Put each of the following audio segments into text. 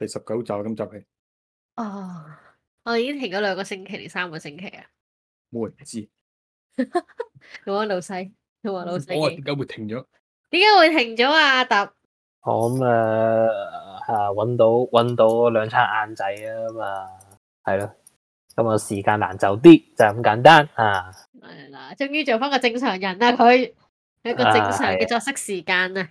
第十九集咁就係哦，我已經停咗兩個星期定三個星期啊，冇人知。同我老細，同我老細，我點解會停咗，點解會停咗啊？阿達，我咁誒吓，搵到搵到兩餐晏仔啊嘛，係咯。咁啊，時間難就啲就咁簡單啊。係啦，終於做翻個正常人啦。佢一個正常嘅作息時間啊，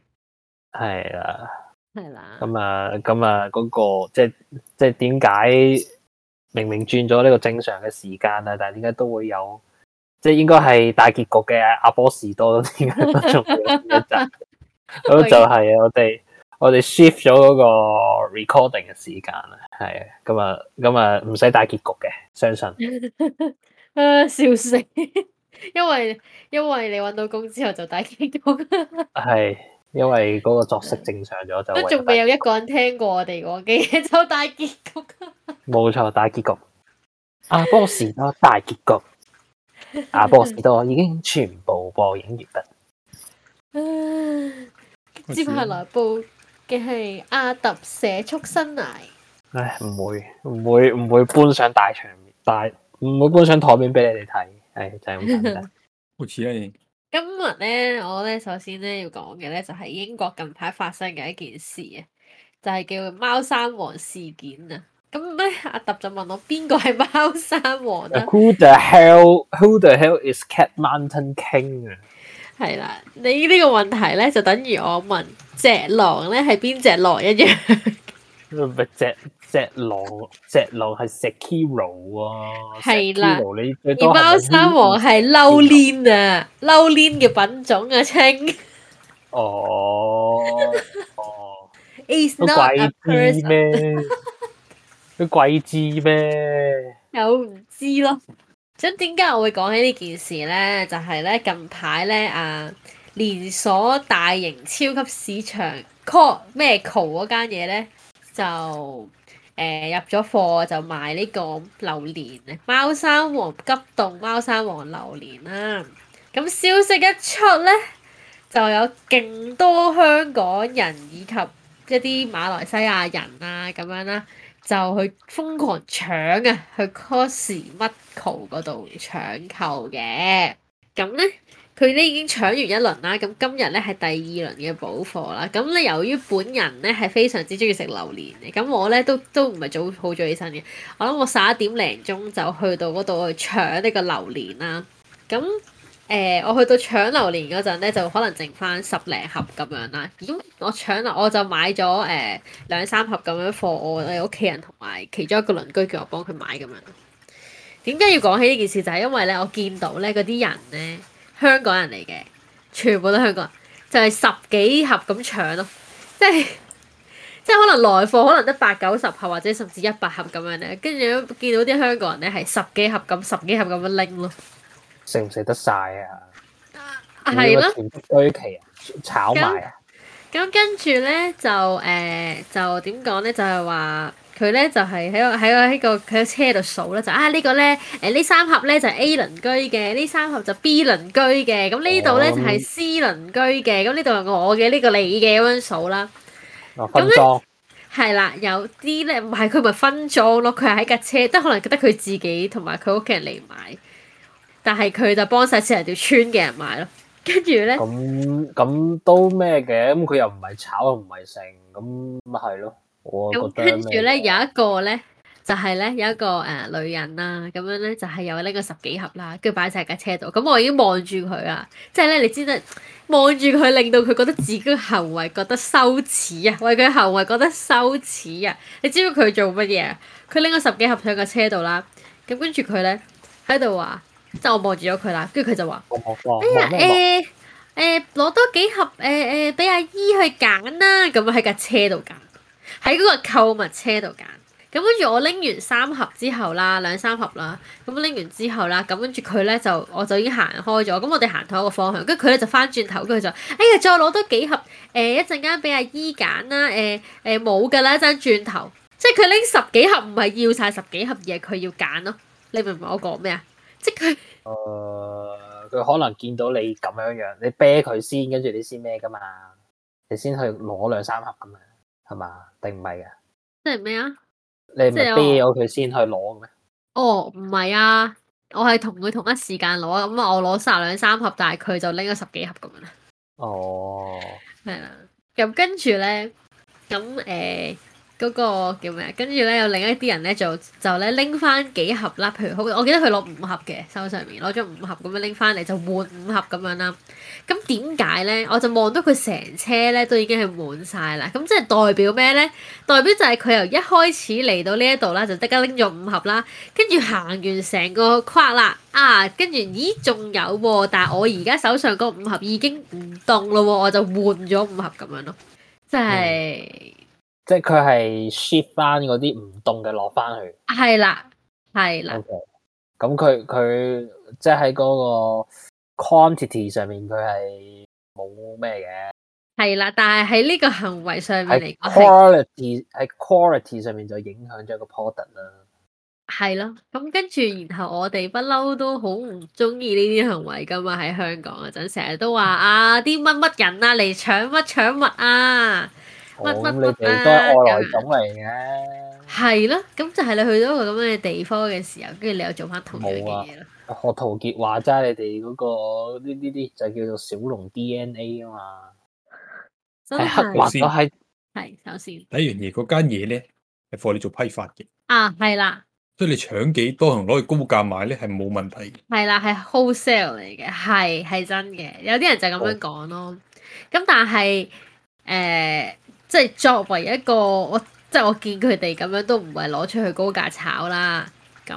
係啦。係啦，咁啊，咁啊，嗰個即係即係點解明明轉咗呢個正常嘅時間啊，但係點解都會有，即係應該係大結局嘅阿波士多點解多咗一集？咁 就係我哋我哋 shift 咗嗰個 recording 嘅時間啊。係啊，咁啊咁啊，唔使大結局嘅，相信 笑死，因為因為你搵到工之後就大結局啦，係。 因為嗰個作息正常咗就都仲未有一個人聽過我哋嘅就大結局。冇錯，大結局。阿波士多大結局。阿波士多已經全部播映完畢。接下來播嘅係阿特社畜生涯。唉、哎，唔會，唔會，唔會，會搬上大場面，但唔會搬上台面俾你哋睇，係、哎、就係咁簡單。好似咧、啊。今日咧，我咧首先咧要講嘅咧就係英國近排發生嘅一件事啊，就係、是、叫貓山王事件啊。咁咧阿揼就問我邊個係貓山王啊？Who the hell Who the hell is Cat Mountain King 啊？係啦，你呢個問題咧就等於我問隻狼咧係邊隻狼一樣。 唔係只隻狼，隻狼係 Sekiro 啊！係啦，而貓三王係榴槤啊，榴槤嘅品種啊，青哦哦，係、哦、唔 not a 知咩？係唔知咩？又唔知咯。咁點解我會講起呢件事咧？就係、是、咧近排咧啊，連鎖大型超級市場 Call 咩 Call 嗰間嘢咧？ 就誒、呃、入咗貨就賣呢個榴槤啊，貓山王急凍貓山王榴槤啦、啊。咁消息一出咧，就有勁多香港人以及一啲馬來西亞人啊咁樣啦，就去瘋狂搶啊，去 Costco 嗰度搶購嘅。咁咧，佢咧已經搶完一輪啦。咁今日咧係第二輪嘅補貨啦。咁咧由於本人咧係非常之中意食榴槤嘅，咁我咧都都唔係早好早起身嘅。我諗我十一點零鐘就去到嗰度去搶呢個榴槤啦。咁誒、呃，我去到搶榴槤嗰陣咧，就可能剩翻十零盒咁樣啦。咁我搶啦，我就買咗誒、呃、兩三盒咁樣，貨我哋屋企人同埋其中一個鄰居叫我幫佢買咁樣。點解要講起呢件事？就係、是、因為咧，我見到咧嗰啲人咧，香港人嚟嘅，全部都是香港人，就係、是、十幾盒咁搶咯，即係即係可能來貨可能得八九十盒，或者甚至一百盒咁樣咧，跟住見到啲香港人咧係十幾盒咁、十幾盒咁樣拎咯，食唔食得晒啊？係咯，堆期炒賣啊！咁、啊、跟住咧就誒就點講咧？就係話。呃佢咧就係喺個喺個喺個佢喺車度數啦，就啊呢個咧誒呢三盒咧就係 A 鄰居嘅，呢三盒就 B 鄰居嘅，咁呢度咧就係 C 鄰居嘅，咁呢度係我嘅，呢個你嘅咁樣數啦。分裝係啦，有啲咧唔係佢咪分裝咯，佢係喺架車，即係可能得佢自己同埋佢屋企人嚟買，但係佢就幫曬成條村嘅人買咯。跟住咧咁咁都咩嘅？咁佢又唔係炒又唔係剩，咁咪係咯。咁跟住咧，有一個咧，就係、是、咧有一個誒、呃、女人啦、啊，咁樣咧就係有拎個十幾盒啦，跟住擺晒喺架車度。咁我已經望住佢啦，即係咧你知唔知望住佢，令到佢覺得自己嘅行為覺得羞恥啊，為佢嘅行為覺得羞恥啊。你知唔知佢做乜嘢？佢拎咗十幾盒上架車度啦，咁跟住佢咧喺度話，即係我望住咗佢啦，跟住佢就話：哎呀誒誒攞多幾盒誒誒俾阿姨去揀啦，咁喺架車度揀。喺嗰個購物車度揀咁，跟住我拎完三盒之後啦，兩三盒啦，咁拎完之後啦，咁跟住佢咧就我就已經行開咗。咁我哋行同一個方向，跟住佢咧就返轉頭，跟住就哎呀，再攞多幾盒誒，一陣間俾阿姨揀啦誒誒冇㗎啦，一、欸、陣、欸、轉頭，即係佢拎十幾盒，唔係要晒十幾盒嘢，佢要揀咯。你明唔明我講咩啊？即係佢誒，佢、呃、可能見到你咁樣樣，你啤佢先，跟住你先咩㗎嘛？你先去攞兩三盒咁啊！係嘛？定唔係嘅？即係咩啊？你唔係叫佢先去攞嘅咩？哦，唔係啊，我係同佢同一時間攞啊，咁啊，我攞十兩三盒，但係佢就拎咗十幾盒咁樣啦。哦，係啦、啊，咁跟住咧，咁誒。欸嗰、那個叫咩？跟住咧有另一啲人咧就就咧拎翻幾盒啦，譬如好，我記得佢攞五盒嘅，手上面攞咗五盒咁樣拎翻嚟就換五盒咁樣啦。咁點解咧？我就望到佢成車咧都已經係滿晒啦。咁即係代表咩咧？代表就係佢由一開始嚟到呢一度啦，就即刻拎咗五盒啦。跟住行完成個框啦，啊，跟住咦仲有喎、啊？但係我而家手上嗰五盒已經唔動咯喎，我就換咗五盒咁樣咯，即、就、係、是。嗯。即係佢係 shift 翻嗰啲唔動嘅落翻去的。係啦，係啦。咁佢佢即係喺嗰個 quantity 上面，佢係冇咩嘅。係啦，但係喺呢個行為上面嚟講在，quality 喺 quality 上面就影響咗個 product 啦。係咯，咁跟住，然後我哋不嬲都好唔中意呢啲行為㗎嘛。喺香港嗰陣，成日都話啊，啲乜乜人啊嚟搶乜搶物啊！乜乜，你哋都係外來種嚟嘅，係咯，咁就係你去到一個咁樣嘅地方嘅時候，跟住你又做翻同類嘅嘢咯。學陶傑話齋，你哋嗰個呢呢啲就叫做小農 DNA 啊嘛，係刻畫咗喺係首先。第一樣嘢嗰間嘢咧係貨，你做批發嘅啊，係啦，所以你搶幾多同攞去高價買咧係冇問題嘅。係啦，係 wholesale 嚟嘅，係係真嘅。有啲人就咁樣講咯，咁但係誒。即係作為一個，我即係我見佢哋咁樣都唔係攞出去高價炒啦。咁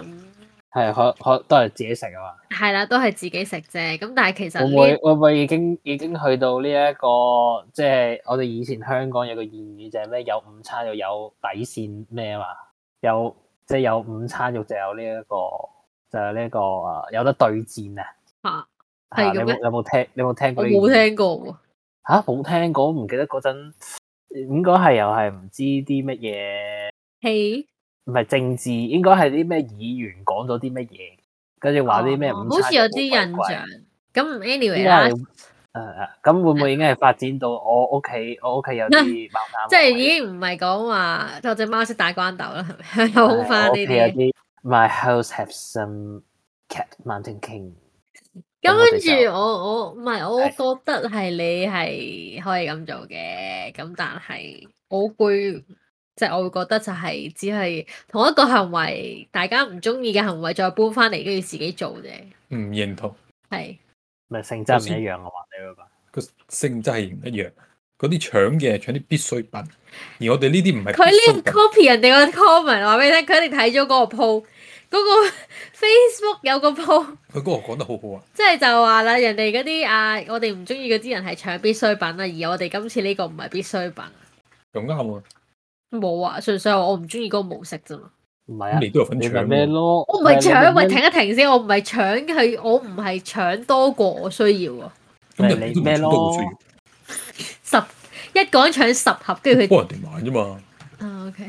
係可可都係自己食啊嘛。係啦，都係自己食啫。咁但係其實會唔會已經已經去到呢一個，即係我哋以前香港有個諺語就係咩有午餐肉有底線咩啊嘛？有即係有午餐肉就有呢一個，就係呢一個啊，有得對戰啊。嚇！係有冇有冇聽？有冇聽、聽過？冇聽過喎。嚇！冇聽過，唔記得嗰陣。應該係又係唔知啲乜嘢，係唔係政治？應該係啲咩議員講咗啲乜嘢，跟住話啲咩？唔好似有啲印象。咁 anyway 啦，誒誒，咁會唔會已經係發展到我屋企？我屋企有啲貓，即係已經唔係講話，我隻貓識打關鬥啦，係咪好翻啲有啲？My house have some cat mountain king。咁跟住我我唔係，我覺得係你係可以咁做嘅，咁但係我會即係、就是、我會覺得就係只係同一個行為，大家唔中意嘅行為再搬翻嚟，跟住自己做啫。唔認同。係。咪性質唔一樣啊嘛，就是？你話嘛？個性質係唔一樣。嗰啲搶嘅，搶啲必需品。而我哋呢啲唔係。佢呢個 copy 人哋個 comment，話俾你聽，佢哋睇咗嗰個鋪。嗰個 Facebook 有個 post，佢嗰個講得好好啊！即係就話啦，人哋嗰啲啊，我哋唔中意嗰啲人係搶必需品啊，而我哋今次呢個唔係必需品啊，咁啱喎，冇啊，純粹我唔中意嗰個模式啫嘛，唔係啊，你都有份搶咩咯？我唔係搶，喂停一停先，我唔係搶，佢我唔係搶多過我需要啊，咁又你咩咯？十一個人搶十盒，跟住佢幫人哋買啫嘛，啊 OK，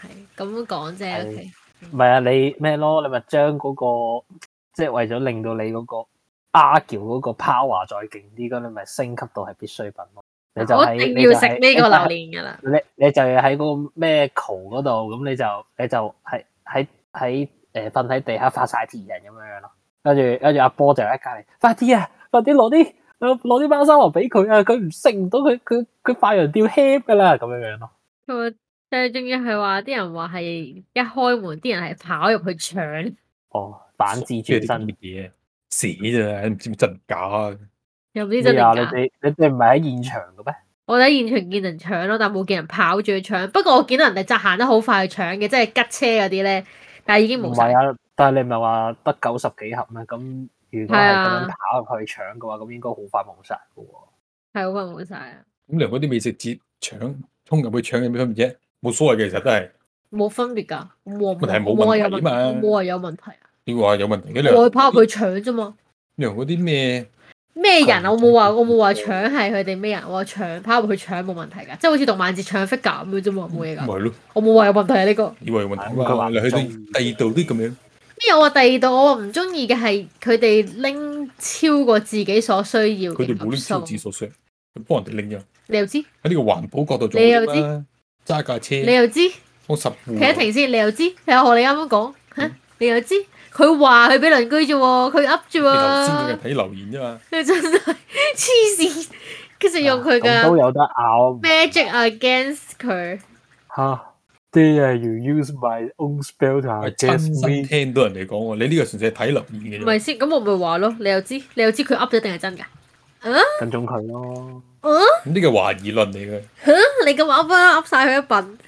係咁樣講啫，OK。唔、嗯、係啊，你咩咯？你咪將嗰個即係為咗令到你嗰個阿喬嗰個 power 再勁啲咁，你咪升級到係必需品咯。你就係，我一定要食呢，就係，個榴蓮噶啦。你你就要喺嗰個咩橋嗰度，咁你就你就係喺喺誒瞓喺地下發晒甜人咁樣樣，啊啊，樣咯。跟住跟住阿波就喺隔籬，快啲啊，快啲攞啲攞啲包生蠔俾佢啊！佢唔食唔到，佢佢佢快人釣 hit 噶啦咁樣樣咯。但係仲要係話啲人話係一開門，啲人係跑入去搶，哦，反智最憎嘅嘢，屎啫，唔知真唔假的。又唔知真定假。你哋你哋唔係喺現場嘅咩？我哋喺現場見人搶咯，但係冇見人跑住去搶。不過我見到人哋疾行得好快去搶嘅，即係吉車嗰啲咧。但係已經冇。唔係啊，但係你唔係話得九十幾盒咩？咁如果係咁樣跑入去搶嘅話，咁應該好快冇晒嘅。係好快冇晒啊！咁連嗰啲美食節搶衝入去搶有咩分別啫？冇所謂嘅，其實都係冇分別噶，冇問題冇問題啊嘛，冇話有，有問題啊？你話有問題嘅你，害怕、啊、去搶啫嘛？你話嗰啲咩咩人，我冇話我冇話搶係佢哋咩人？我話搶，怕佢搶冇問題噶，即係好似動漫節搶 figure 咁樣啫，冇嘢噶。係咯、就是，我冇話有問題啊呢、就是這個。以為有問題佢話你去到第二度啲咁樣咩？有啊？第二度我唔中意嘅係佢哋拎超過自己所需要嘅，佢冇拎超過自己所需，佢幫人哋拎嘅。你又知喺呢個環保角度做咩你又知？啊揸架車，你又知？我十企一停先，你又知？睇下學你啱啱講吓，你又知？佢話佢俾鄰居啫，佢噏住喎。我睇留言啫嘛。你真係黐線，其實用佢噶。咁都有得拗。Magic against 佢。吓，啲啊！You use my own spell to against me。聽到人哋講喎，你呢個純粹係睇留言嘅。唔係先，咁我咪話咯，你又知？你又知佢噏咗定係真噶？Uh? 跟蹤佢咯。嗯？呢個懷疑論嚟嘅。嚇、huh? 啊！你咁話噏噏晒佢一品。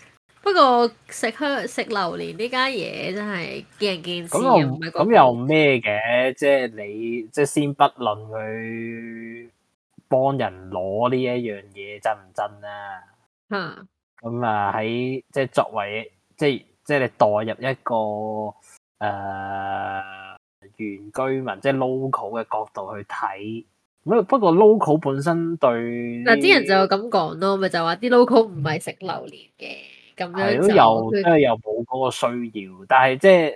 不過食香食榴槤呢家嘢真係見仁見智。咁又咁又咩嘅？即係你即係先不論佢幫人攞呢一樣嘢真唔真啊？嚇、huh.！咁啊喺即係作為即即係你代入一個誒、呃、原居民即係 local 嘅角度去睇。不過 local 本身對嗱啲人就咁講咯，咪就話啲 local 唔係食榴槤嘅咁樣就，即係又冇嗰個需要。但係即係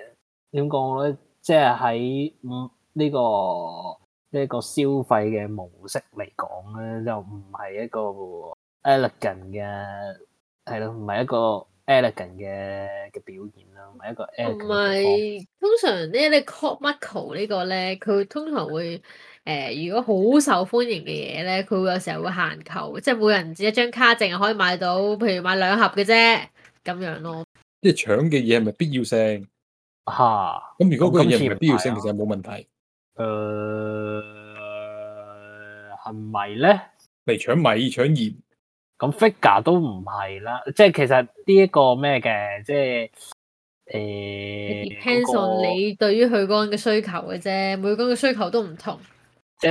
點講咧？即係喺嗯呢個、呢個消費嘅模式嚟講咧，就唔係一個 elegant 嘅係咯，唔係一個 elegant 嘅嘅表現咯，唔係一個。唔係通常咧，你 cultural 呢個咧，佢通常會。誒、呃，如果好受歡迎嘅嘢咧，佢會有時候會限購，即係每人只一張卡，淨係可以買到，譬如買兩盒嘅啫，咁樣咯。即係搶嘅嘢係咪必要性？嚇、啊！咁如果佢嘅嘢唔係必要性，其實冇問題。誒係咪咧？嚟搶米、搶鹽。咁 figure 都唔係啦，即係其實呢一個咩嘅，即係誒、呃那個。Depends on 你對於佢嗰嘅需求嘅啫，每個嘅需求都唔同。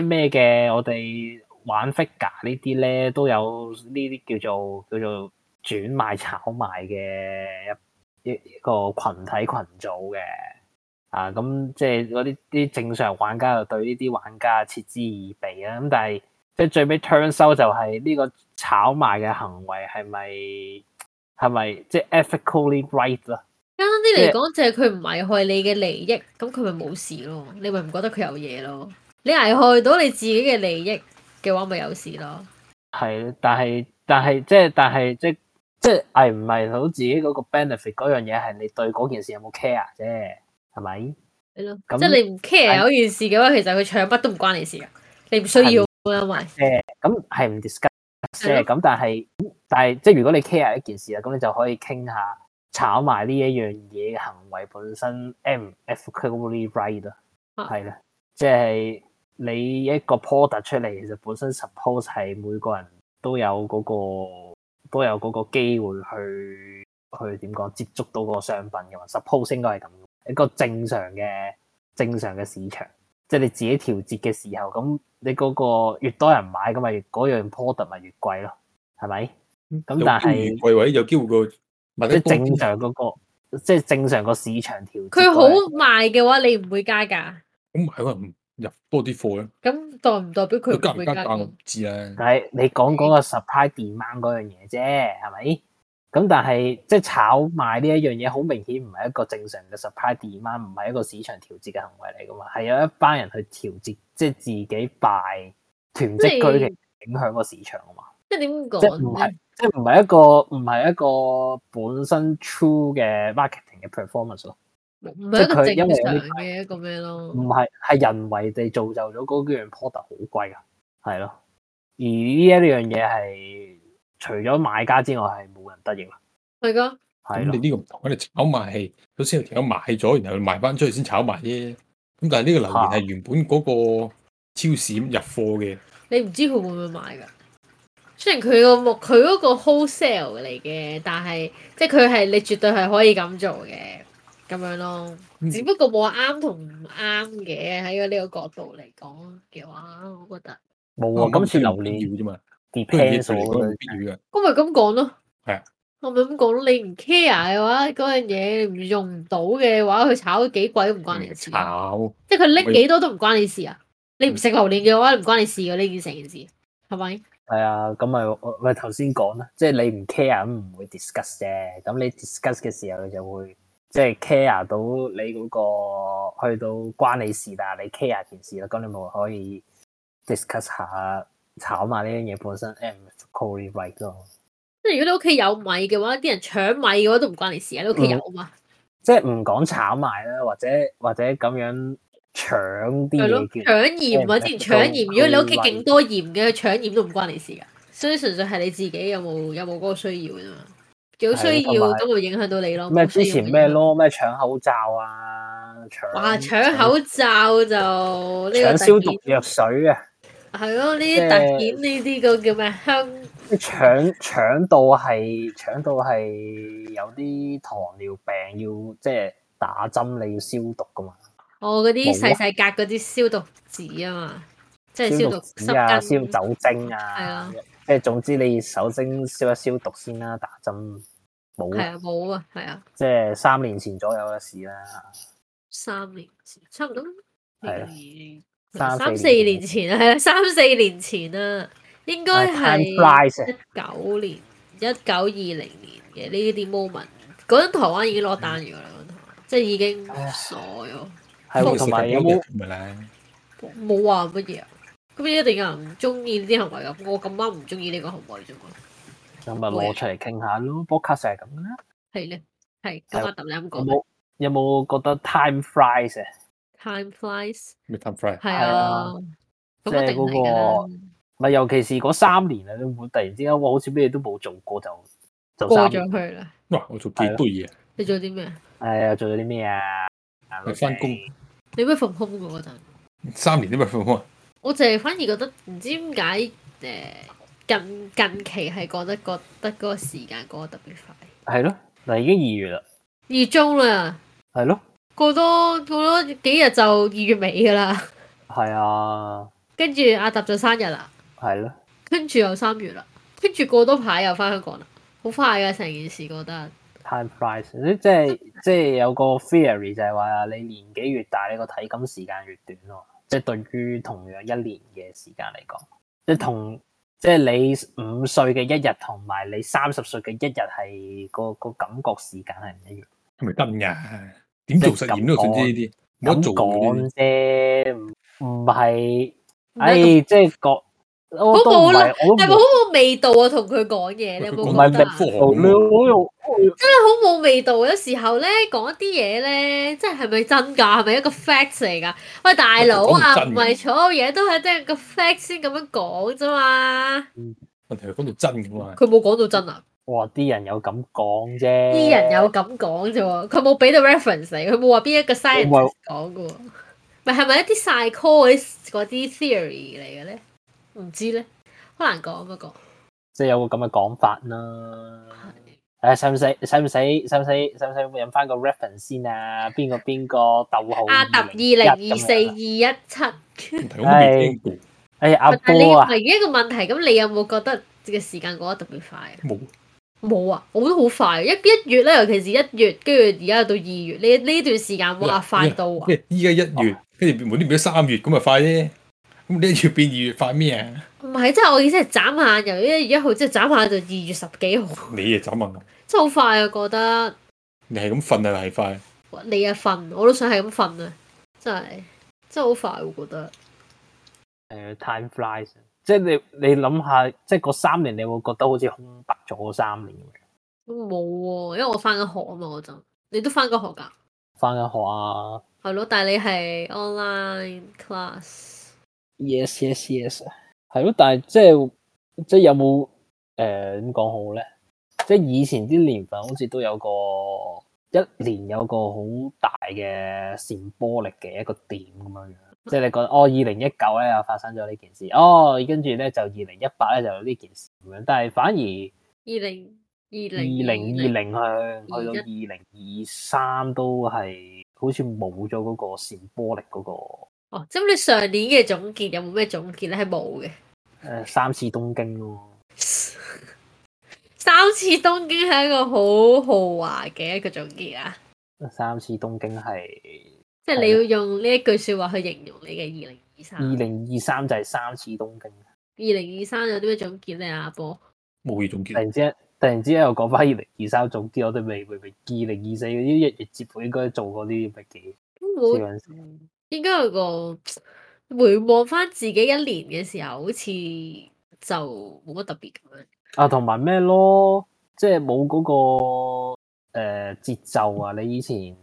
咩嘅？我哋玩 figure 呢啲咧，都有呢啲叫做叫做轉賣炒賣嘅一一個群體群組嘅。啊，咁即係嗰啲啲正常玩家就對呢啲玩家嗤之以鼻啊。咁但係即係最尾 turns out 就係呢個炒賣嘅行為係咪係咪即係 ethically right 啦？簡單啲嚟講，就係佢唔危害你嘅利益，咁佢咪冇事咯。你咪唔覺得佢有嘢咯？你危害到你自己嘅利益嘅話，咪有事咯。係，但係但係即係但係即即係危唔危害到自己嗰個 benefit 嗰樣嘢，係你對嗰件事有冇 care 啫，係咪？係咯，即係你唔 care 嗰件事嘅話，I，其實佢唱不都唔關你事啊。你唔需要因為誒，咁係唔 discuss 嘅，咁但係但係即係如果你 care 一件事啊，咁你就可以傾下炒埋呢一樣嘢嘅行為本身，M F clearly right 啊，係啦，即係。你一個 product 出嚟，其實本身 suppose 係每個人都有嗰、嗰個都有嗰個機會去去點講接觸到嗰個商品嘅嘛？Suppose 應該係咁，一個正常嘅正常嘅市場，即係你自己調節嘅時候，咁你嗰個越多人買咁咪嗰樣 product 咪越貴咯，係咪？咁但係有機有機會個或者正常嗰、嗰個即係正常個市場調節。佢好賣嘅話，你唔會加價。咁唔喎，唔。入多啲貨咧，咁代唔代表佢加唔加價字但係你講嗰個 supply demand 嗰樣嘢啫，係咪？咁但係即係炒賣呢一樣嘢，好明顯唔係一個正常嘅 supply demand，唔係一個市場調節嘅行為嚟噶嘛？係有一班人去調節，即係自己擺囤積居奇，影響個市場啊嘛？即係點講？即唔係，即係唔係一個唔係一個本身 true 嘅 marketing 嘅 performance 咯。唔係佢因為嘅一個咩咯，唔係係人為地造就咗嗰樣 product 好貴啊，係咯。而呢一樣嘢係除咗買家之外係冇人得益啊。係噶，係咯。咁你呢個唔同，你炒賣係首先有條友買咗，然後佢賣翻出去先炒埋啫。咁但係呢個留言係原本嗰個超市入貨嘅。你唔知佢會唔會買㗎？雖然佢個佢嗰個 wholesale 嚟嘅，但係即係佢係你絕對係可以咁做嘅。咁樣咯，只不過冇話啱同唔啱嘅，喺呢個角度嚟講嘅話，我覺得冇啊。今次榴蓮少啫嘛，啲 pair 嘢嚟講都唔必要嘅。咁咪咁講咯，係啊，我咪咁講咯。你唔 care 嘅話，嗰樣嘢你唔用唔到嘅話，佢炒到幾鬼貴都唔關你事。炒，即係佢拎幾多都唔關你事啊！你唔食榴蓮嘅話，唔關你事噶呢件成件事，係咪？係啊，咁咪我咪頭先講啦，即係你唔 care 咁唔會 discuss 啫。咁你 discuss 嘅時候，佢就會。即係 care 到你嗰個去到關你事，但係，你 care 件事啦，咁你咪可以 discuss 下炒賣呢啲嘢本身，誒 quality 咯。即係如果你屋企有米嘅話，啲人搶米嘅話都唔關你事啊！你屋企有啊、嘛。即係唔講炒賣啦，或者或者咁樣搶啲嘢叫搶鹽啊！之前搶鹽，如果你屋企勁多鹽嘅，搶鹽都唔關你事㗎。所以純粹係你自己有冇有冇嗰個需要啫嘛。有需要都會影響到你響咯。咩之前咩咯咩搶口罩啊搶？哇搶口罩就呢個。搶消毒藥水啊！係咯呢啲特檢呢啲個叫咩香？搶搶到係搶到係有啲糖尿病要即係打針，你要消毒噶嘛？哦嗰啲細細格嗰啲消毒紙啊嘛，啊即係消毒紙啊，燒酒精啊。即係總之，你首先消一消毒先啦，打針冇啊，係啊，冇啊，係啊，即係三年前左右嘅事啦，三年前差唔多，係啊，三四年前啊，係啊，三四年前啊，應該係一九年一九二零年嘅呢啲 moment，嗰陣、啊那個、台灣已經落單咗啦、啊，即係已經傻咗，係同埋有冇咧？冇話乜嘢啊？咁一定有人唔中意呢啲行為噶，我咁啱唔中意呢個行為啫咁咪攞出嚟傾下咯，波、啊、卡成係咁啦。係咧，係今日揼音講。有冇有冇覺得 time flies 啊？Time flies 咪 time flies 係啊，咁、嗰個、一定！嗰個咪尤其是嗰三年啊，你會突然之間哇，好似咩都冇做過就就過咗佢啦。哇！我做幾堆嘢。你做啲咩？係、哎、啊，做咗啲咩啊？你翻工。你咩放空過嗰陣。三年都未放空我就係反而覺得唔知點解誒近近期係覺得覺得嗰個時間過得特別快。係咯，嗱已經二月啦。二中啦。係咯。過多過多幾日就二月尾噶啦。係啊。跟住阿達就生日啦。係咯。跟住又三月啦。跟住過多排又翻香港啦。好快噶成件事覺得。Time f e 即係即係有個 theory 就係話你年紀越大，你個體感時間越短咯。即係對於同樣一年嘅時間嚟講，即係同即係你五歲嘅一日，同埋你三十歲嘅一日係個個感覺時間係唔一樣，係咪真噶？點做實驗都總之呢啲，冇得做嘅啫，唔唔係，係即係講。好冇咧，係咪好冇味道啊？同佢講嘢，你有冇覺得啊？真係好冇味道。有時候咧，講一啲嘢咧，即係咪真噶？係咪一個 facts 嚟噶？喂，大佬啊，唔係所有嘢都係真個 facts 先咁樣講啫嘛？問題係講到真咁啊！佢冇講到真啊！哇，啲人有咁講啫，啲人有咁講啫喎！佢冇俾到 reference，佢冇話邊一個 scientist 講噶喎？咪係咪一啲 psychology 嗰啲 theory 嚟嘅咧？唔知咧，好難講不過，即係有個咁嘅講法啦。誒，使唔使？使唔使？使唔使？使唔使飲翻個 reference 先啊？邊個？邊個？逗號。阿達二零二四二一七。係，誒，阿波啊。但係你問完一個問題，咁你有冇覺得嘅時間過得特別快啊？冇，冇啊！我都好快，一一月咧，尤其是一月，跟住而家到二月，呢呢段時間哇，快到啊！依家一月，跟住變唔變咗三月，咁啊快啫。咁你越變越一月變二月快咩啊？唔係，即係我意思係眨下由一月一號，即係眨下就二月十幾號。你啊，眨眼，即係好快啊，覺得。你係咁瞓啊，係快。我你啊，瞓，我都想係咁瞓啊，真係真係好快，我覺得。誒，time flies，即係你你諗下，即係嗰三年你會覺得好似空白咗三年咁樣。冇喎，啊，因為我翻緊學啊嘛我就，你都翻緊學噶？翻緊學啊。係咯， 但係你係 online class。yes yes yes，係咯，但係即係即係有冇誒，點講好咧？即係、呃、以前啲年份好似都有個一年有個好大嘅 symbolic 嘅一個點咁樣樣，即係你覺得哦，二零一九咧又發生咗呢件事，哦，跟住咧就二零一八咧就有呢件事咁樣，但係反而二零二零二零二零向去到二零二三都係好似冇咗嗰個 symbolic 嗰個。哦，即你上年嘅總結有冇咩總結咧？係冇嘅。誒，三次東京咯、哦 。三次東京係一個好豪華嘅一個總結啊。三次東京係。即係你要用呢一句說話去形容你嘅二零二三。二零二三就係三次東京。二零二三有啲咩總結咧，阿波？冇嘢總結。突然之間，突然之間又講翻二零二三總結，我哋未未二零二四嗰啲日日接，應該做過啲乜嘢？應該有個回望翻自己一年嘅時候，好似就冇乜特別咁樣。啊，同埋咩咯？即係冇嗰個誒、呃、節奏啊！你以前誒、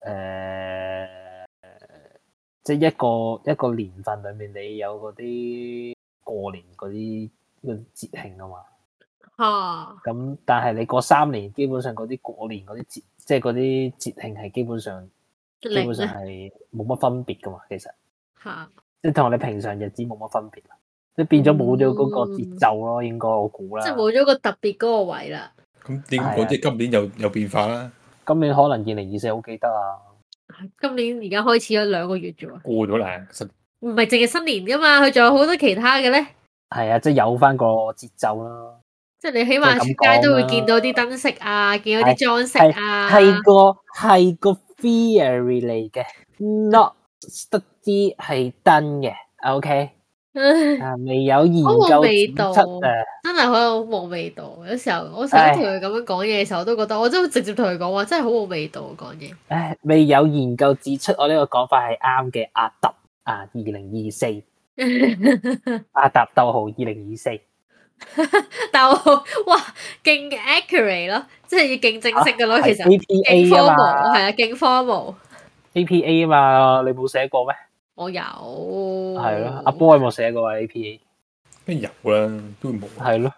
呃、即係一個一個年份裏面，你有嗰啲過年嗰啲節慶啊嘛。嚇！咁但係你過三年基本上嗰啲過年啲節，即係嗰啲節慶係基本上。基本上係冇乜分別噶嘛，其實吓，即係同你平常日子冇乜分別，即係變咗冇咗嗰個節奏咯，應該我估啦，即係冇咗個特別嗰個位啦。咁點解即係今年又有變化啦？今年可能二零二四好記得啊，今年而家開始咗兩個月啫喎，過咗啦，新唔係淨係新年噶嘛？佢仲有好多其他嘅咧。係啊，即係有翻個節奏咯，即係你起碼出街都會見到啲燈飾啊，見到啲裝飾啊，係個係個。theory 嚟嘅，not study 係真嘅，OK？ 啊，未有研究指出味道啊，真係好冇味道。有時候我成日同佢咁樣講嘢嘅時候，我都覺得我真係直接同佢講話，真係好冇味道講嘢。唉，未有研究指出我呢個講法係啱嘅。阿達啊，二零二四，阿達逗號二零二四。但係我哇，勁 accurate 咯，即係要勁正式嘅咯，其實 APA 嘛，係啊，勁 formal，APA 啊嘛，你冇寫過咩？我有，係咯，阿 boy 有冇寫過啊 APA，咩有啦，都要冇，係咯，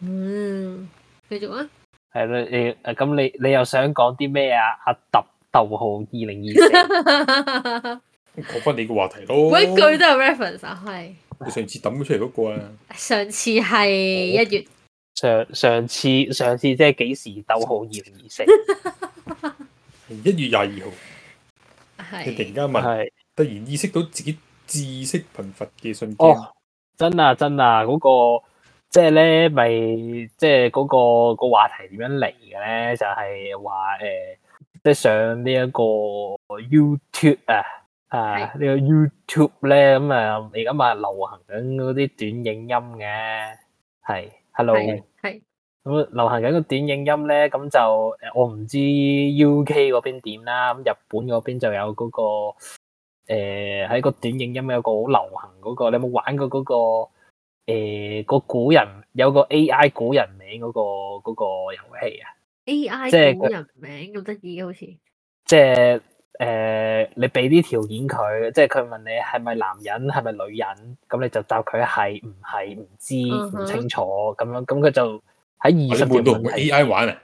嗯，繼續啊，係咯，你啊咁你你又想講啲咩啊？阿特逗號二零二四，講翻你個話題咯，每一句都有 reference 啊，係。你上次抌咗出嚟嗰個啊！上次係一月，okay。上上次上次即係幾時逗號？二零二四一月廿二號，係 突然間問，突然意識到自己知識貧乏嘅瞬間。哦，真啊真啊！嗰，那個即係咧，咪即係嗰個，那個那個話題點樣嚟嘅咧？就係話誒，即，呃，係，就是，上呢一個 YouTube 啊！啊！呢個 YouTube 咧，咁啊，而家咪流行緊嗰啲短影音嘅，係 Hello，係咁流行緊個短影音咧，咁就誒，我唔知 UK 嗰邊點啦。咁日本嗰邊就有嗰個誒，喺個短影音有個好流行嗰個，你有冇玩過嗰個誒個古人有個 AI 古人名嗰個嗰個遊戲啊？AI 古人名咁得意嘅，好似即係。誒、呃，你俾啲條件佢，即係佢問你係咪男人，係咪女人，咁你就答佢係唔係，唔知唔、嗯、清楚咁樣，咁佢就喺二十條問題。哦、AI 玩啊？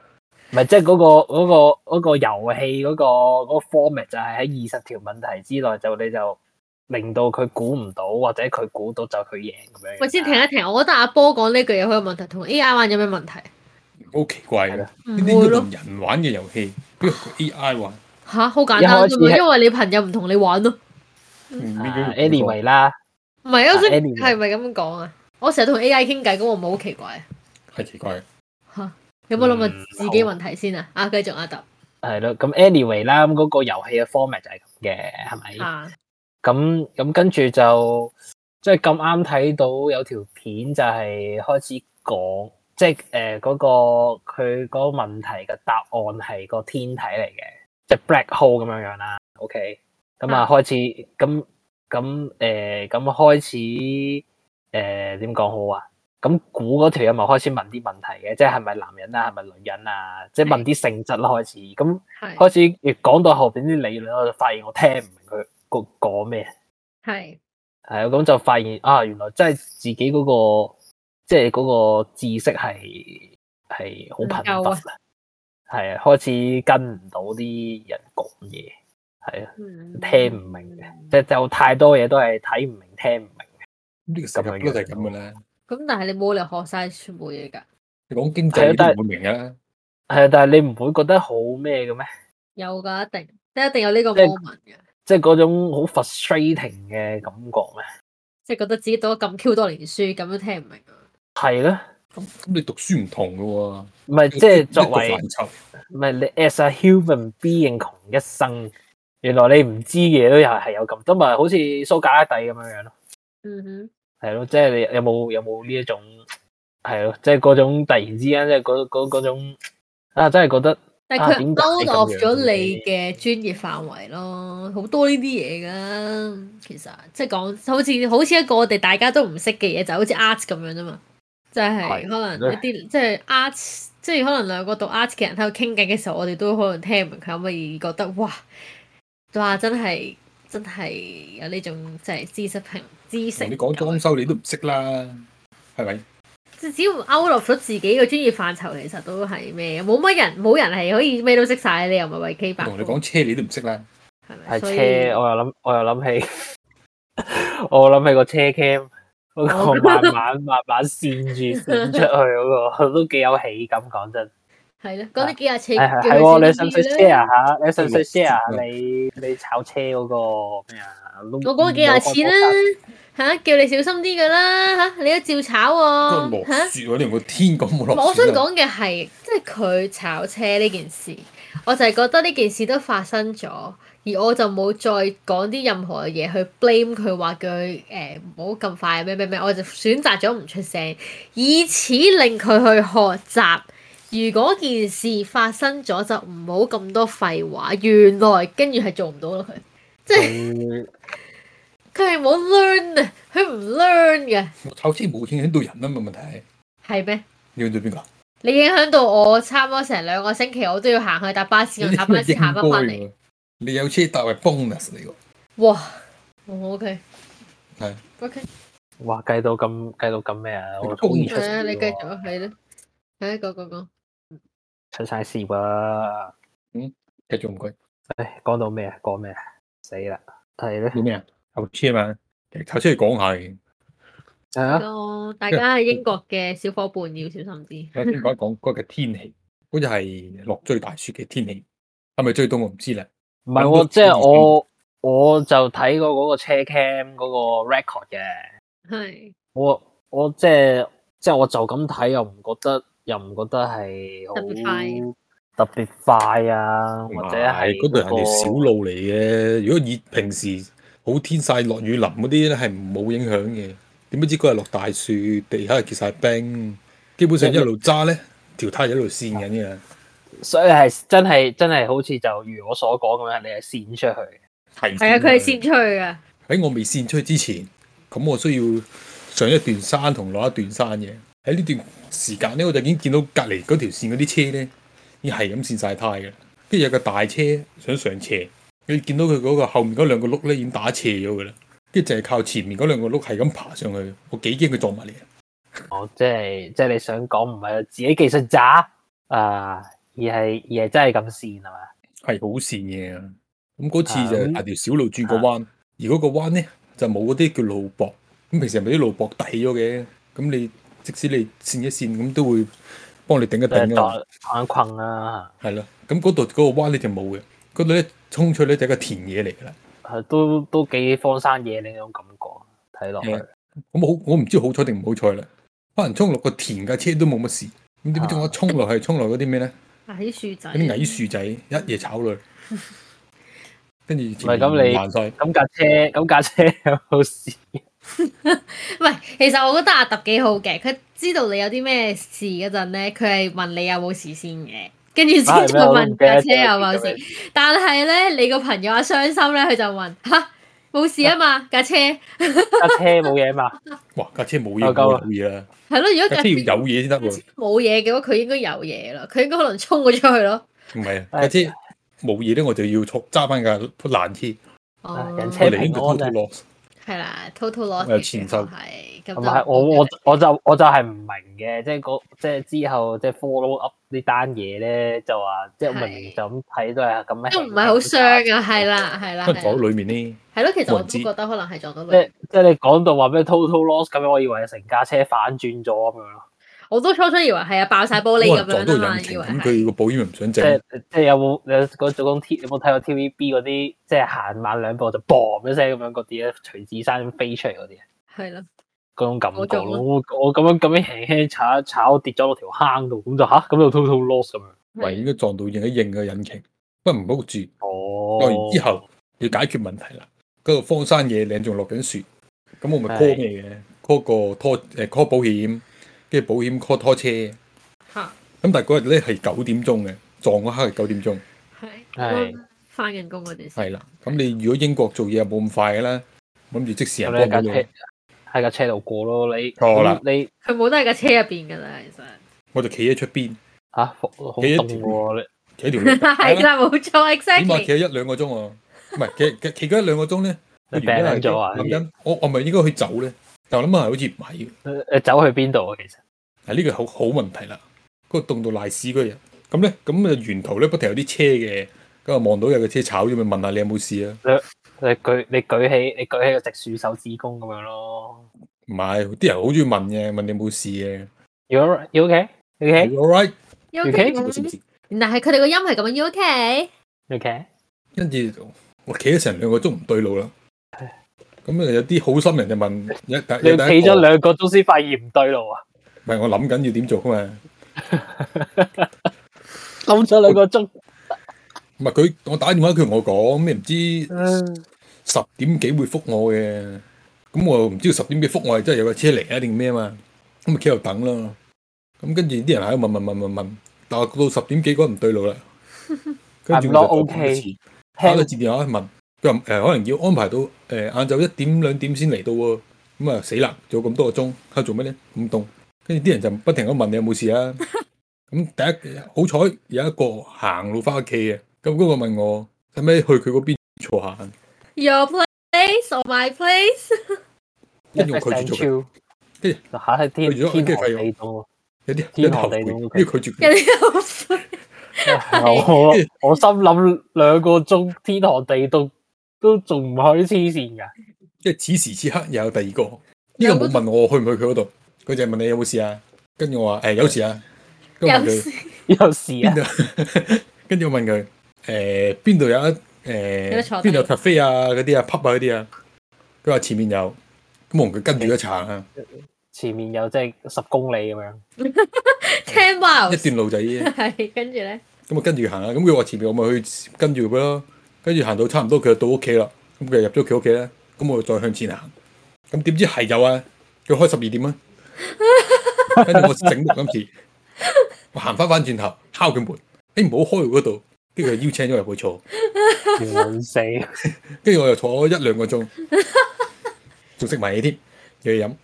唔係，即係、嗰個、嗰個、嗰個遊戲、嗰個、嗰個嗰個 format 就係喺二十條問題之內就你就令到佢估唔到，或者佢估到就佢贏咁樣。喂，先停一停，我覺得阿波講呢句有好嘅問題，同 AI 玩有咩問題？好奇怪啊！邊啲同人玩嘅遊戲，邊個同 AI 玩？吓，好簡單啫嘛，因為你朋友唔同你玩咯。嗯，anyway 啦，唔係啊，先係咪咁樣講啊？我成日同 A.I. 傾偈，嗰個唔係好奇怪啊，好奇怪吓。有冇諗下自己問題先啊？啊，繼續阿揼係咯。咁 anyway 啦，咁嗰個遊戲嘅 format 就係咁嘅，係咪？啊，咁咁跟住就即係咁啱睇到有條片就係開始講，即係誒嗰個佢嗰個問題嘅答案係個天體嚟嘅。black hole 咁樣樣啦，OK，咁啊開始咁咁誒，咁、啊呃、開始誒點講好啊？咁估嗰條友咪開始問啲問題嘅，即係係咪男人啊，係咪女人啊？即、就、係、係、問啲性質啦，開始咁開始越講到後邊啲理論，我就發現我聽唔明佢講講咩，係係咁就發現啊，原來真係自己嗰、嗰個即係嗰個知識係係好貧乏。係啊，開始跟唔到啲人講嘢，係啊，嗯、聽唔明嘅，即、嗯、係就太多嘢都係睇唔明、聽唔明嘅。咁呢個十年都係咁嘅咧。咁、嗯就是、但係你冇理由學晒全部嘢噶？你講經濟你都會明啦。係啊，但係你唔、啊、會覺得好咩嘅咩？有噶，一定，你一定有呢個 moment 嘅，即係嗰種好 frustrating 嘅感覺咩？即、就、係、是、覺得自己讀咗咁 Q 多年書，咁都聽唔明的。係咧、啊。咁你讀書唔同嘅喎、啊，唔係即係作為，唔係你 as a human being 窮一生，原來你唔知嘅都又係有咁，咁咪好似蘇格拉底咁樣樣咯。嗯哼，係咯，即係你有冇有冇呢一種，係咯，即係嗰種突然之間，即係嗰嗰種啊，真係覺得，但係佢 out 咗你嘅專業範圍咯，好多呢啲嘢噶，其實即係講好似好似一個我哋大家都唔識嘅嘢，就好似 art 咁樣啫嘛。即係可能一啲即係 arts，即係可能兩個讀 arts 嘅人喺度傾偈嘅時候，我哋都可能聽唔明佢可唔可以覺得哇，哇真係真係有呢種即係知識平知識。知識你講裝修你都唔識啦，係咪？就只要 out 咗自己個專業範疇，其實都係咩？冇乜人冇人係可以咩都識晒，你又唔係維基百科。同你講車你都唔識啦，係咪？係車我又諗我又諗起， 我諗起個車 cam。那個、慢慢慢慢扇住扇出去嗰個，都幾有喜感。講 真的，係咯，講得幾廿次。係，你想唔想 share 下？你想唔想 share 下你你炒車嗰個咩啊？我講咗幾廿次啦，吓、哎哎哎啊啊、叫你小心啲噶啦，吓、啊、你都照炒我、啊。吓、啊，雪嗰啲唔會天咁冇我想講嘅係，即係佢炒車呢件事，我就係覺得呢件事都發生咗。而我就冇再講啲任何嘢去 blame 佢，話佢唔好咁快咩咩咩，我就選擇咗唔出聲，以此令佢去學習。如果件事發生咗，就唔好咁多廢話。原來跟住係做唔到咯，佢即係佢係冇 learn 啊，佢唔 learn 嘅。我炒先冇影響到人啊，冇問題。係咩？影響到邊個？你影響到我差唔多成兩個星期，我都要行去搭巴士，又搭巴士行翻翻嚟。你有車搭為 bonus 嚟個？哇，我 OK，係 OK，哇，計到咁計到咁咩啊？你繼續，係咧，係講講講，出晒事啊！嗯，繼續唔該。唉，哎、到到講到咩啊？講咩啊？死啦！係咧，咩啊？有車啊嘛？頭先去講下係啊。都大家係英國嘅小伙伴要小心啲。講一講今日嘅天氣，好似係落最大雪嘅天氣，係咪最凍我唔知啦。唔係、哦嗯就是、我，即、嗯、係我，我，我就睇過嗰個車 cam 嗰個 record 嘅。係我，我即係即係，我就咁睇又唔覺得，又唔覺得係好特別快啊，快啊或者係嗰度係條小路嚟嘅。如果以平時好天晒、落雨淋嗰啲咧，係冇影響嘅。點不知嗰日落大雪，地下係結晒冰，基本上一路揸咧，條、嗯、胎一路跣嘅呢樣。嗯所以係真係真係好似就如我所講咁樣，你係跣出，出去，係啊，佢係跣出去嘅。喺我未跣出去之前，咁我需要上一段山同落一段山嘅。喺呢段時間咧，我就已經見到隔籬嗰條線嗰啲車咧，已經係咁跣晒胎嘅。跟住有架大車想上斜，你見到佢嗰個後面嗰兩個轆咧，已經打斜咗嘅啦。跟住就係靠前面嗰兩個轆係咁爬上去，我幾驚佢撞埋嚟。 哦，即係即係你想講唔係自己技術渣啊？Uh, 而係而係真係咁跣係嘛？係好跣嘅，咁嗰次就行條小路轉個彎，嗯、而嗰個彎咧就冇嗰啲叫路壆，咁平時咪啲路壆抵咗嘅，咁你即使你跣一跣咁都會幫你頂一頂嘅。誒、嗯，困困啊！係、嗯、咯，咁嗰度嗰個彎咧就冇嘅，嗰度咧衝出咧就係個田野嚟㗎啦。係、嗯、都都幾荒山野嶺嘅嗰種感覺，睇落去，、嗯、去。咁好我唔知好彩定唔好彩啦，可能衝落個田架車都冇乜事，咁點知我衝落去衝落嗰啲咩咧？矮、啊、樹仔，矮樹仔一夜炒佢，跟住唔係咁你咁架車咁架車有冇事？喂，其實我覺得阿特幾好嘅，佢知道你有啲咩事嗰陣咧，佢係問你有冇事先嘅，跟住先至會問架車有冇事、啊、事。但係咧，你個朋友阿傷心咧，佢就問吓。冇事啊嘛，架車架、啊、車冇嘢嘛。哇，架車冇嘢，冇嘢啦。係咯，如果架車，車要有嘢先得喎。冇嘢嘅話，佢應該有嘢咯，佢應該可能衝咗出去咯。唔係啊，架車冇嘢咧，我就要揸翻架爛車。哦，我哋應該 total loss。係啦，total loss 就係。咁係我我我就係、我就係唔明嘅，即係即係之後即係、就是、follow up。呢單嘢咧就話，即係明明就咁睇都係咁咩？都唔係好傷噶，係啦係啦。撞到裏面呢，係咯。其實我都覺得可能係撞到。即即係你講到話咩 total loss 咁樣，我以為成架車反轉咗咁樣咯。我都初初以為係啊，爆晒玻璃咁樣啦。撞到引擎咁佢個保險唔想整。即係有冇有嗰 T？有冇睇過 TVB 嗰啲即係行慢兩步就 boom 一聲咁樣嗰啲咧？徐子珊飛出嚟嗰啲啊？係嗰種感覺咯，我我咁樣咁樣輕輕炒一炒跌咗落條坑度，咁就吓，咁就 total loss 咁樣。係應該撞到認嘅引擎，不過唔好住。哦。落完之後要解決問題啦，嗰度荒山野嶺仲落緊雪，咁我咪 call 咩嘅？call 個拖誒 call 保險，跟住保險 call 拖車。吓。咁但係嗰日咧係九點鐘嘅，撞嗰刻係九點鐘。係。係。翻緊工嗰陣時。係啦，咁你如果英國做嘢又冇咁快啦，諗住即時又幫唔到你。喺架車度過咯，你好啦，哦、你佢冇得喺架車入邊噶啦，其實我就企喺出邊，吓、啊、好凍喎，企喺條路，係 啦，冇錯，exactly 起碼企咗一兩個鐘啊，唔係企企企咗一兩個鐘咧，佢病咗啊，諗 緊我我咪應該去走咧，但係諗下好似唔係，誒走去邊度啊？其實啊呢、這個好好問題啦，嗰、那個凍到瀨屎嗰人，咁咧咁啊沿途咧不停有啲車嘅咁啊望到有架車炒咗咪問下你有冇事啊？ 你舉你舉起你舉起個直豎手指公咁樣咯，唔係啲人好中意問嘅，問你冇事嘅。如果 you ok you ok you alright you ok，但係佢哋個音係咁樣。You ok you ok，跟住我企咗成兩個鐘唔對路啦。咁啊有啲好心人就問，你企咗兩個鐘先發現唔對路啊？唔係我諗緊要點做噶嘛，諗咗兩個鐘。唔係佢。我打電話佢，同我講咩唔知十點幾會覆我嘅。咁我又唔知道十點幾覆我係真係有架車嚟啊定咩啊嘛。咁咪企喺度等咯。咁跟住啲人喺度問問問問問，但係到十點幾嗰陣唔對路啦。咁我 O K，打咗次電話問佢話誒可能要安排到誒晏晝一點兩點先嚟到喎。咁啊死啦，仲有做咁多個鐘喺度做咩咧？咁凍，跟住啲人就不停咁問你有冇事啊？咁第一好彩有一個行路翻屋企嘅。有個問我使唔使去佢嗰邊坐下？Your place or my place？跟 住拒絕咗。跟住下係天天寒地凍，有啲天寒地凍要拒絕。有啲 我我心諗兩個鐘天寒地凍都，都仲唔可以黐線㗎。即係此時此刻又有第二個，呢、這個冇問我去唔去佢嗰度，佢就係問你有冇事啊？跟住我話誒有事啊。有事、哎、有事啊！跟住我問佢。 誒、呃，邊度有一誒，邊、呃、度有咖啡啊，嗰啲啊，pub 啊，嗰啲啊，啊。佢話前面有，咁我同佢跟住一查。啊。前面有即係十公里咁樣 ten miles 一段路仔、就、係、是、 跟住咧，咁啊跟住行啊。咁佢話前面我咪去跟住佢咯。跟住行到差唔多，佢就到屋企啦。咁佢入咗佢屋企咧，咁我再向前行。咁點知係有啊？佢開十二點啊。 跟住我整落今次，我行翻翻轉頭敲佢門，你唔好開嗰度。那跟住邀請咗入去坐，攣死。跟住我，坐我坐會會又坐咗一兩個鐘，仲食埋啲嘢飲。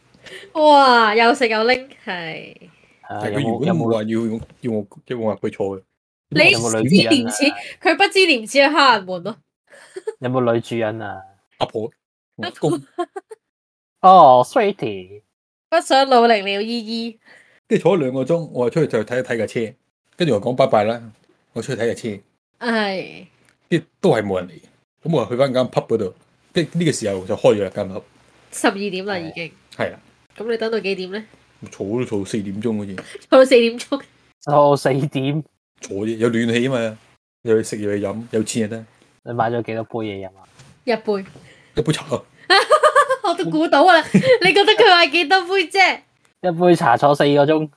哇！又食又拎，係、啊。佢、啊、有冇有冇話要要，要，要我叫我話佢錯嘅？你不知廉恥，佢不知廉恥嚇人門咯。有冇女主人啊？阿、啊啊啊、婆。阿公。哦、oh,，Sweetie，不想努力依依了，姨姨。跟住坐咗兩個鐘，我話出去看看就睇一睇架車，跟住我講拜拜啦。我出去睇架車。係，啲都係冇人嚟，咁我話去翻間 pub 嗰度，即、這、呢個時候就開咗一間鋪。十二點啦，已經。係啦，咁、啊、你等到幾點咧？坐都坐到四點鐘好似。坐到四點鐘。坐到四點，坐有暖氣啊嘛，又去食又去飲，有錢就得。你買咗幾多杯嘢飲啊？一杯，一杯茶。 我都估到啦， 你覺得佢話幾多杯啫？一杯茶坐四個鐘。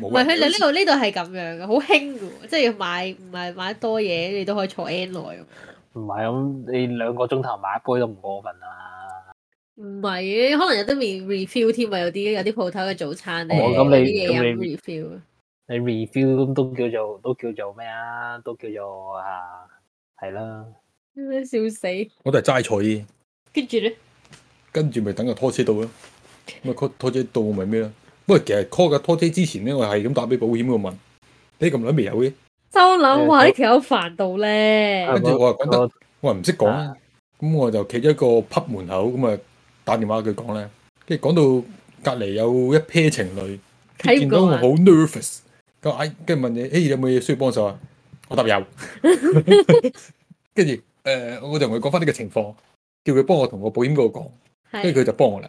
唔係佢，呢度呢度係咁樣嘅，好興嘅，即係要買唔係買多嘢，你都可以坐 N 耐。唔係咁，你兩個鐘頭買一杯都唔過分啊。唔係，可能有啲未 refill 添啊，有啲有啲鋪頭嘅早餐咧，有啲嘢飲 refill。你 refill 都叫做都叫做咩啊？都叫做啊，係啦。笑死！我都係齋坐依。跟住咧？跟住咪等個拖車到咯。咪拖拖車到咪咩啦？不過，其實 call 架拖車之前咧，我係咁打俾保險個問，你咁耐未有嘅？周柳話呢條友煩到咧，跟住我話滾得，我話唔識講啦。咁我就企咗一個 pub 門口，咁啊打電話佢講咧，跟住講到隔籬有一 pair 情侶，佢見到我好 nervous，咁啊跟住問你，誒有冇嘢需要幫手啊？我答有，跟住誒我就同佢講翻呢個情況，叫佢幫我同個保險嗰個講，跟住佢就幫我啦。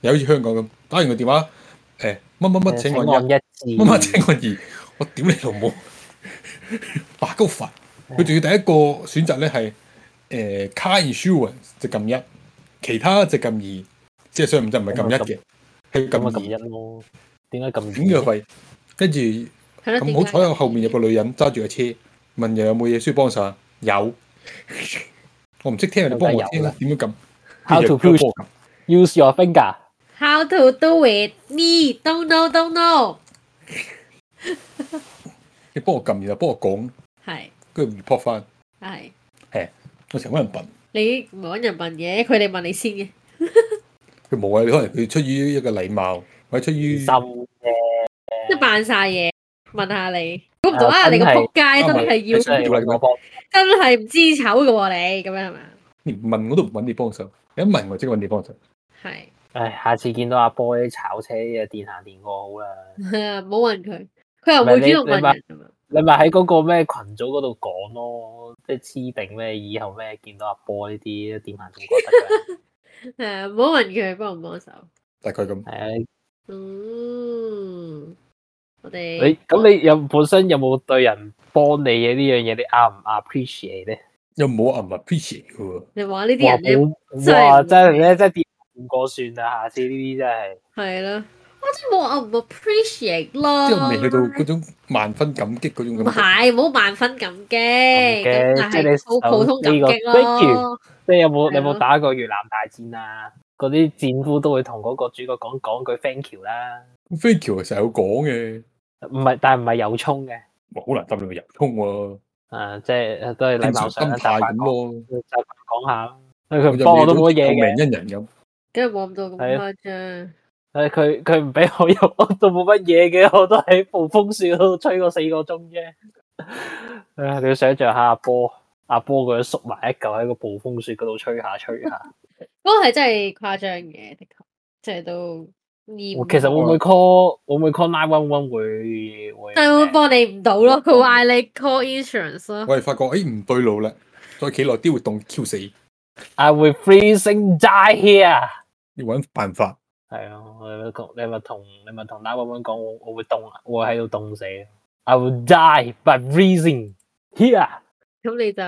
又好似香港咁，打完個電話，誒乜乜乜請按一，乜乜請按二，我屌你老母，白高佛，佢仲要第一個選擇咧係誒、呃、car insurance 就撳一，其他就撳二，即係上面就唔係撳一嘅，係撳一撳一咯。點解撳遠嘅費？跟住咁好彩，我後，後，後，後，後面有個女人揸住個車，問又有冇嘢需要幫手啊？有， 我唔識聽你幫我聽啦，點樣撳？How to push？Use your finger。How to do it? Me don't know, don't know。你幫我撳，然後幫我講。係跟住 report 翻。係誒，我成日搵人問。你唔係搵人問嘢，佢哋問你先嘅。佢冇啊，你可能佢出於一個禮貌，或者出於心嘅，即係扮晒嘢問下你。估唔到啊，你個仆街真係要，真係唔知醜噶你咁樣係嘛？你唔問我都唔揾你幫手，你一問我即刻揾你幫手，係。唉、哎，下次見到阿波啲炒車嘅電行電過好啦。係啊，冇問佢，佢又冇主動問人，你咪喺嗰個咩群組嗰度講咯，即係黐定咩以後咩見到阿波呢啲電行電過得嘅。係啊，冇問佢幫唔幫手。大概咁樣。係、啊。嗯，我哋。你咁你有本身有冇對人幫你嘅呢樣嘢？你啱唔 appreciate 咧？又冇 appreciate 嘅。你話呢啲人咧，真係真係咧真啲。唔過算啦，下次呢啲真係係啦，我真係冇 appreciate 咯，即係未去到嗰種萬分感激嗰種感。唔係冇萬分感激嘅，但係好普通感激咯。比如即係有冇你有冇打過越南大戰啊？嗰啲戰夫都會同嗰個主角講講句 thank you 啦。thank you 係成日有講嘅，唔係但係唔係由衷嘅。哇，好難得你咪由衷喎。啊，即係都係禮貌心態咁咯。就講下啦，因為佢幫我都冇嘢嘅，救命恩人咁。跟住冇諗到咁誇張，但佢佢唔俾我入屋都冇乜嘢嘅，我都喺暴風雪嗰度吹過四個鐘啫。啊，你要想象下阿波阿波嗰種縮埋一嚿喺個暴風雪嗰度吹下吹下，不過係真係誇張嘅，的確，即係都黏。其實會唔會 call？會唔會 call nine one one？會會，但係會幫你唔到咯，佢嗌你 call insurance 咯。我係發覺誒唔對路啦，再企耐啲會凍 Q 死。I will freezing die here。要搵辦法。係啊，你咪同你咪同拉文文講，我我會凍、啊，我喺度凍、啊凍、啊、凍死、啊。I will die by freezing here。咁你就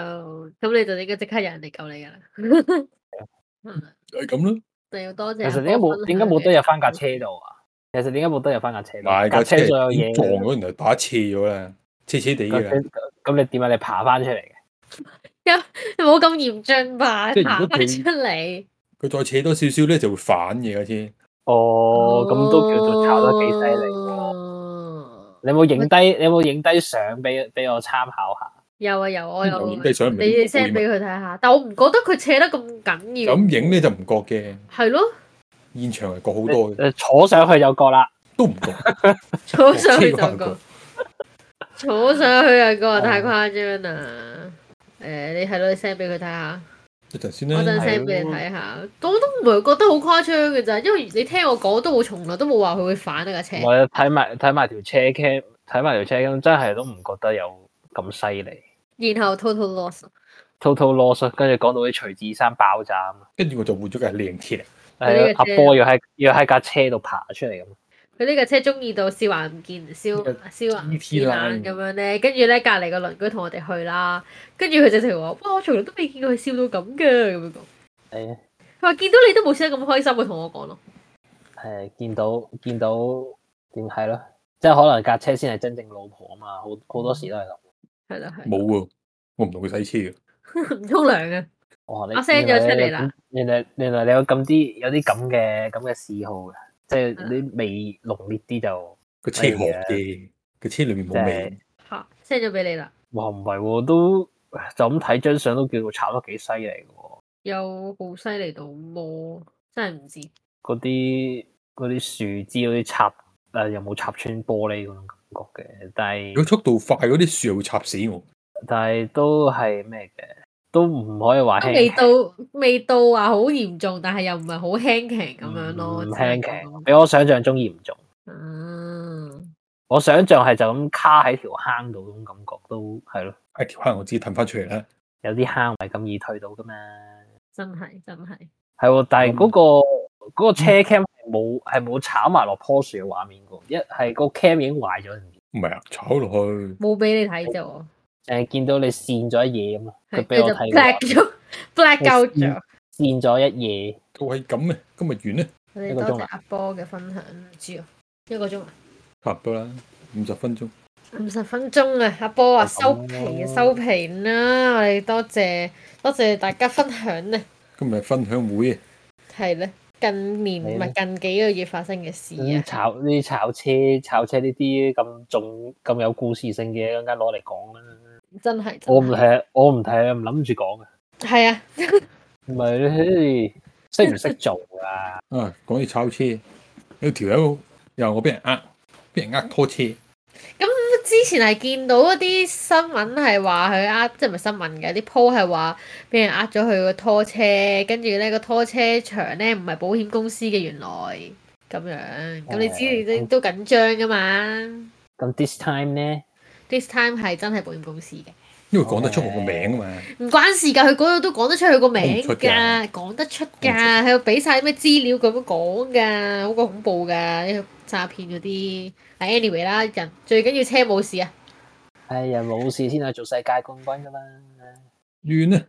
咁你就應該即刻有人哋救你噶啦。係咁啦。你要多謝。其實點解冇點解冇得入翻架車度啊？其實點解冇得入翻架車度？架車上有嘢撞咗，然後打斜咗嘅，斜斜地嘅。咁咁你點解、啊、你爬翻出嚟嘅。有冇咁嚴峻吧？行翻出嚟，佢再扯多少少咧，就會反嘢嗰啲。哦，咁、哦、都叫做炒得幾犀利。你有冇影低？你有冇影低相俾俾我參考下？有啊有我、啊、有、啊。影低相唔？你 send 俾佢睇下。但我唔覺得佢扯得咁緊要。咁影咧就唔覺嘅。係咯。現場係覺好多嘅。坐上去就覺啦。都唔覺。 坐上去就覺。 坐上去就覺，太誇張啦。啊誒你係咯，你 send 俾佢睇下。等陣 send 俾你睇下，我都唔係覺得好誇張嘅咋，因為你聽我講都冇從來都冇話佢會反呢架車。我睇埋睇埋條車 cam，睇埋條車咁，真係都唔覺得有咁犀利。然後 total loss，total loss，跟住講到啲徐志山爆炸啊嘛。跟住我就換咗架靚車，阿波要喺要喺架車度爬出嚟咁。佢呢架車鍾意到笑還唔見，笑笑還唔見眼咁樣咧，呢的跟住咧隔離個鄰居同我哋去啦，跟住佢就同我話：，哇！我從來都未見過佢笑到咁嘅，咁樣講。係。佢話見到你都冇笑得咁開心啊，同我講咯。係見到見到點係咯？即係可能架車先係真正老婆啊嘛！好好多時都係咁。係啦，係。冇喎，我唔同佢洗車嘅，唔沖涼嘅。哇！你原來,我 send 咗出嚟你原來原來你有咁啲有啲咁嘅咁嘅嗜好㗎。即係你味濃烈啲就個車寒啲，個車裏面冇味、就是。吓 send 咗俾你啦。哇，唔係，哦，都就咁睇張相都叫做插得幾犀利嘅。有好犀利到摸，真係唔知嗰啲嗰啲樹枝嗰啲插誒，啊，有冇插穿玻璃嗰種感覺嘅？但係如果速度快，嗰啲樹又會插死我。但係都係咩嘅？都唔可以話輕，都未到未到話好嚴重，但係又唔係好輕騎咁樣咯，唔輕騎，比我想象中嚴重、啊啊那個。嗯，我想象係就咁卡喺條坑度，種感覺都係咯。一條坑我直接褪翻出嚟啦，有啲坑唔係咁易退到噶嘛，真係真係。係喎，但係嗰個嗰個車 cam 冇係冇炒埋落棵樹嘅畫面噶，一係個 cam 已經壞咗，唔係啊，炒落去冇俾你睇啫。好誒，見到你扇咗一夜咁啊，佢俾我睇。black out，black out 咗，扇咗一夜。佢係咁咧，今日完咧，一個鐘啦。我哋多謝阿波嘅分享，唔知啊，一個鐘。差唔多啦，五十分鐘。五十分鐘啊！阿波啊，收皮啊，收皮啦！我哋多謝多謝大家分享咧。今日分享會啊。係啦，近年唔係近幾個月發生嘅事啊。炒呢炒車炒車呢啲咁重咁有故事性嘅，陣間攞嚟講啦。真係，我唔睇，我唔睇，唔諗住講嘅。係啊，唔係咧，識唔識做啊？啊，講起炒車，條友又我俾人呃，俾人呃拖車。咁之前係見到啲新聞係話佢呃，即係咪新聞嘅？啲鋪係話俾人呃咗佢個拖車，跟住咧個拖車場咧唔係保險公司嘅，原來咁樣。咁你知你都緊張㗎嘛？咁 this time 咧？This time 係真係保險公司嘅，因為講得出我個名啊嘛。唔、okay. 唔關事㗎，佢度都講得出佢個名㗎，講得出㗎，佢俾晒咩資料咁講㗎，好過恐怖㗎，詐騙嗰啲。Anyway 啦，人最緊要車冇事啊。哎呀，冇事先啊，做世界冠軍㗎嘛。完啦。